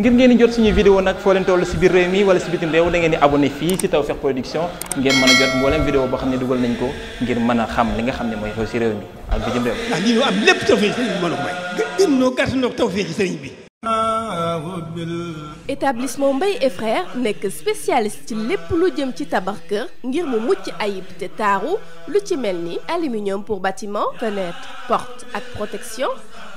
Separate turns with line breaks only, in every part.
ngir ngeen di jot suñu vidéo nag foo leen toll si biir réew mi wala si bitim réew da ngeen di abonné fii si Tawfekh Production ngeen mën a jot mboolem vidéo boo xam ne dugal nañ ko ngir mën a xam li nga xam ne mooy xew si réew mi ak bitim réew. ndax lii ñu am lépp tawfeex sëriñ bi mën
a may. gën
noo gàtt noo tawfeex
nekk spécialiste ci lépp lu jëm ci tabax kër ngir mu mucc ayib te taaru lu ci mel ni aluminium pour bâtiment fenêtre porte ak protection.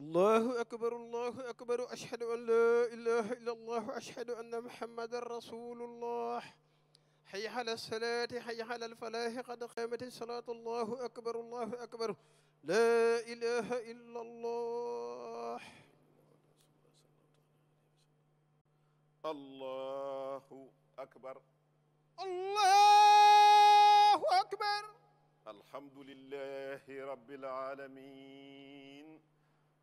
allahu akbar allahu akbar ashhadu an la ilaha illa allah ashhadu anna muhammadan rasulullah hayya ala salaati hayya ala alfalaahi qad qaamati salaatu allahu akbar allahu akbar la ilaha illa allah
allahu akbar
allahu akbar
alhamdulillahi rabbil aalamiin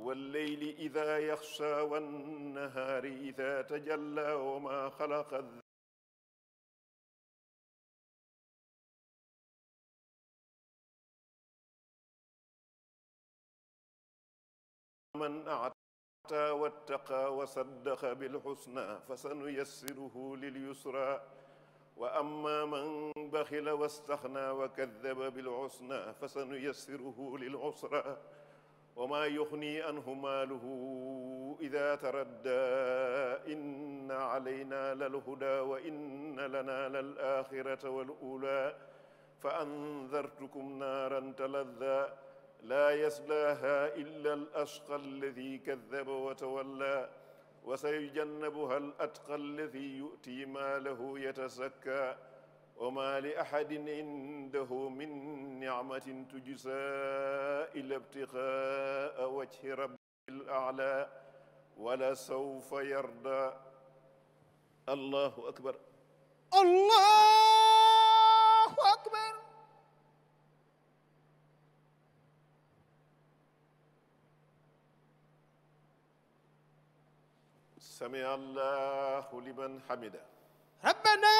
والليل إذا يخشى والنهار إذا تجلى وما خلق من أعتى واتقى وصدق بالحسنى فسنيسره لليسرى وأما من بخل واستغنى وكذب بالحسنى فسنيسره للعسرى wa maa yuxni anhu maaluhu ida taradda inna alayna lalhuda wa inna lana lalaxirata walula fa andartukum naaran taladda laa yaslaaha illa alasqa alladi kadaba wa tawalla wa sayujannabuha alatqa alladi yu'ti maalahu yatasakka wa maa li ahadin indahu min ni'matin tujzaa illaa ibtighaa'a wajhi rabbil a'laa wa lasawfa yardaa allahu akbar
allahu akbar
sami'a allahu liman hamidah rabbanaa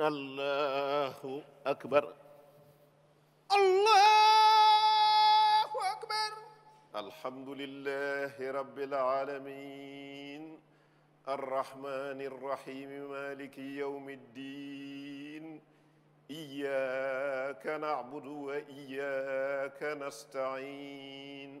allahu akbar allahu akbar alhamdulillahi rabbil alamin arrahmani rrahimi maliki yawmi ddin iyyaka na'budu wa iyyaka nasta'in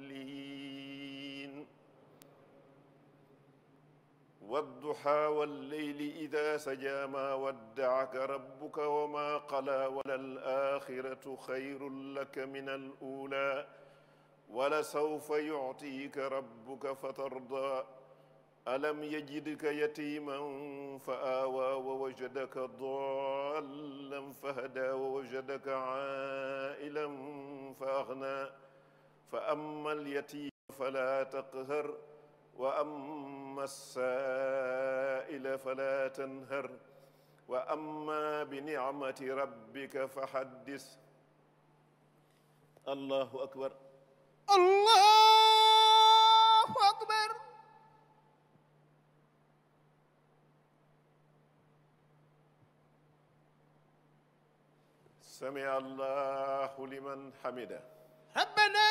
والضحى والليل إذا سجى ما ودعك ربك وما قلى وللآخرة خير لك من الأولى ولسوف يعطيك ربك فترضى ألم يجدك يتيما فآوى ووجدك ضالا فهدى ووجدك عائلا فأغنى فأما اليتيم فلا تقهر وأما واما السائل فلا تنهر واما بنعمه ربك فحدث الله اكبر
الله اكبر
سمع الله لمن حمده ربنا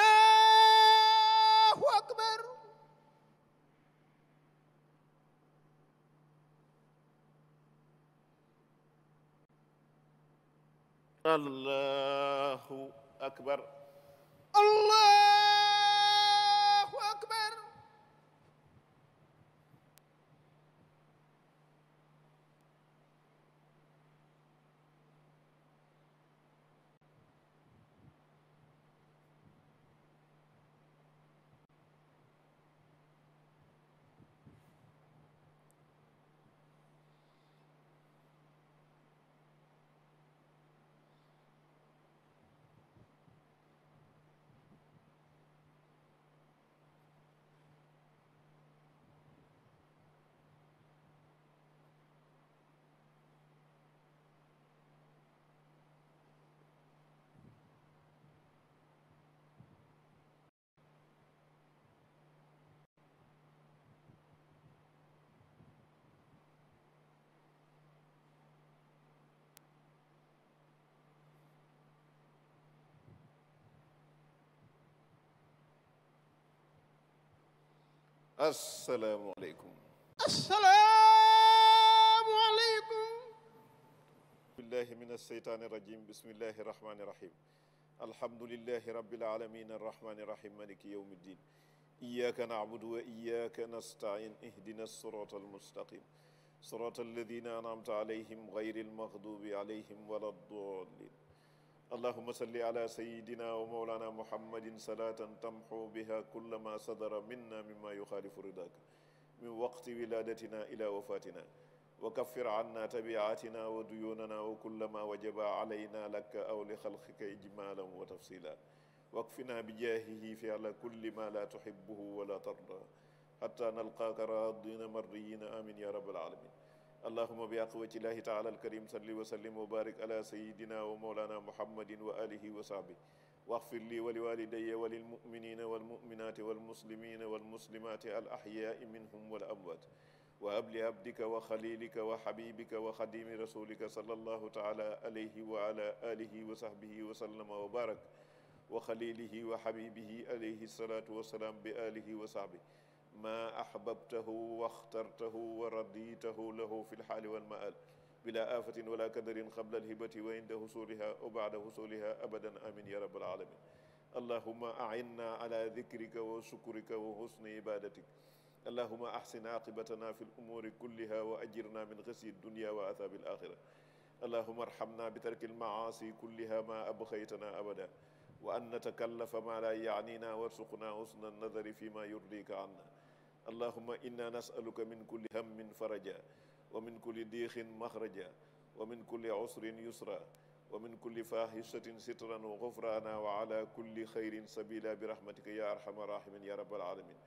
akbar
allahu akbar
allah
asalaamualeykum.
asalaamualeykum.
billahi min asseytaani rajim bismillahi rahmaani rahim. alhamdulillahi rabbil aalamiin arrahmaani rahim maliki yawmi ddiin. iyyaka na'budu wa iyyaka nasta'iin ihdina siraata almustaqim. siraata alladina an'amta alayhim gayril maghdubi alayhim wala ddaalliin allahuma salli ala sayidina wa maulana muhammadin salatan tamxu biha kulla ma sadara minna mima yuxaalifu ridaak min waqti wilaadatina ila wafatina wa kaffir anna tabiatina wa duyunana wa kulla ma wajaba alayna laka aw li xalqika ijmalan wa tafsila wakfina bijaahihi fi ala kulli ma la tuhibuhu wala tarda xata nalqaaka raadina mardiyina amin ya rabbal alamin allahuma bi aqwatillahi taala alkarim salli wa sallim wa barik ala sayidina wa mawlana muhammadin wa alihi wa sahbi waxfir li wa liwalidaya wa lilmuminina walmuminati walmuslimina walmuslimati al ahyai minhum wal amwat wa abli abdika wa xalilika wa xabibika wa xadimi rasulika sallallahu taala alayhi wa ala alihi wa sahbihi wa sallama wa barak wa xalilihi wa xabibihi alayhi salatu wasalaam bi alihi wa sahbi ma ahbabtahu waxtartahu wa raditahu lahu fi lxaali walmaal bila afatin wala kadarin qabla alhibati wa inda husuliha wa bada husuliha abadan amin ya rabbal alamin allahuma ainna ala dikrika wa sukrika wa husni ibadatik allahuma ahsin aqibatana fi lumuri kulliha wa ajirna min xisyi dunya wa athaabi alaxira allahuma arhamna bi tarki almaasi kulliha ma abxaytana abada wa an natakallafa ma la yaanina warsuqna husna nadari fi ma yurdika anna allahuma inna nasaluka min kulli hammin faraja wa min kulli diixin maxraja wa min kulli usrin yusra wa min kulli fahishatin sitran wa gufrana wa ala kulli xayrin sabila bi rahmatika ya arhama rahimin ya rabbal alamin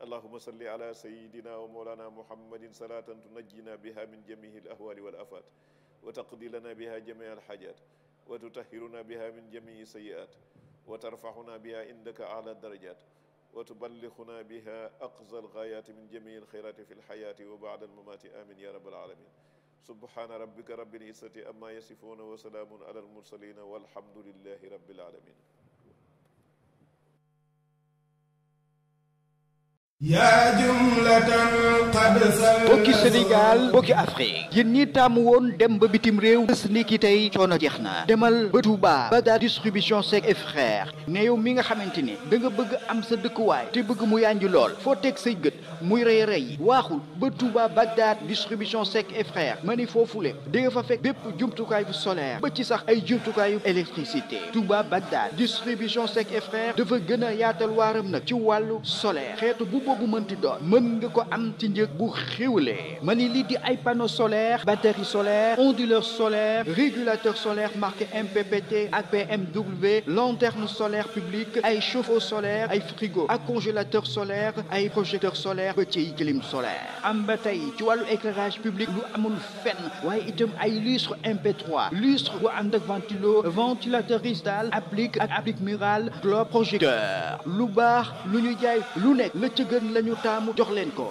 allahuma salli ala sayidina wa mawlana muhammadin salatan tunajjina biha min jamihi al ahwali wal afat wa taqdi lana biha jamia al hajat wa tutahhiruna biha min jamii sayiat wa tarfahuna biha indaka ala darajat وتبلغنا بها أقصى الغايات من جميع الخيرات في الحياة وبعد الممات آمين يا رب العالمين سبحان ربك رب العزة أما يصفون وسلام على المرسلين والحمد لله رب العالمين
يا جملة bokki Sénégal bokki Afrique yéen ñi tàmm woon dem ba bitim réew bés ni ki tey coono jeex na demal ba Touba Bagdad distribution Seck et frère ne yow mi nga xamante ni da nga bëgg am sa dëkkuwaay te bëgg mu yànji lool foo teg say gët muy rey rey yi waaxul ba Touba Bagdad distribution Seck et frère ma ni foofule di nga fa fekk bépp jumtukaay bu solaire ba ci sax ay jumtukaayu électricité Touba Bagdad distribution Seck et frère dafa gën a yaatal waaram nag ci wàllu solaire xeetu bu mënti doon mën nga ko am ci njëg bu xéwlee ma ni lii di ay panneau solaire batterie solaire onduleur solaire régulateur solaire marqué MPPT APMW lanterne solaire publique ay chauffe-eau solaire ay frigo ak congélateur solaire ay projecteur solaire petit clim solaire am ba tey ci wàllu éclairage public lu amul fenn waaye itam ay lustre MP3 lustre bu ànd ak ventilo ventilateur cristal applique ak applique murale globe projecteur lu baax lu ñu jaay lu nekk la ca gën la ñu taamu jox leen ko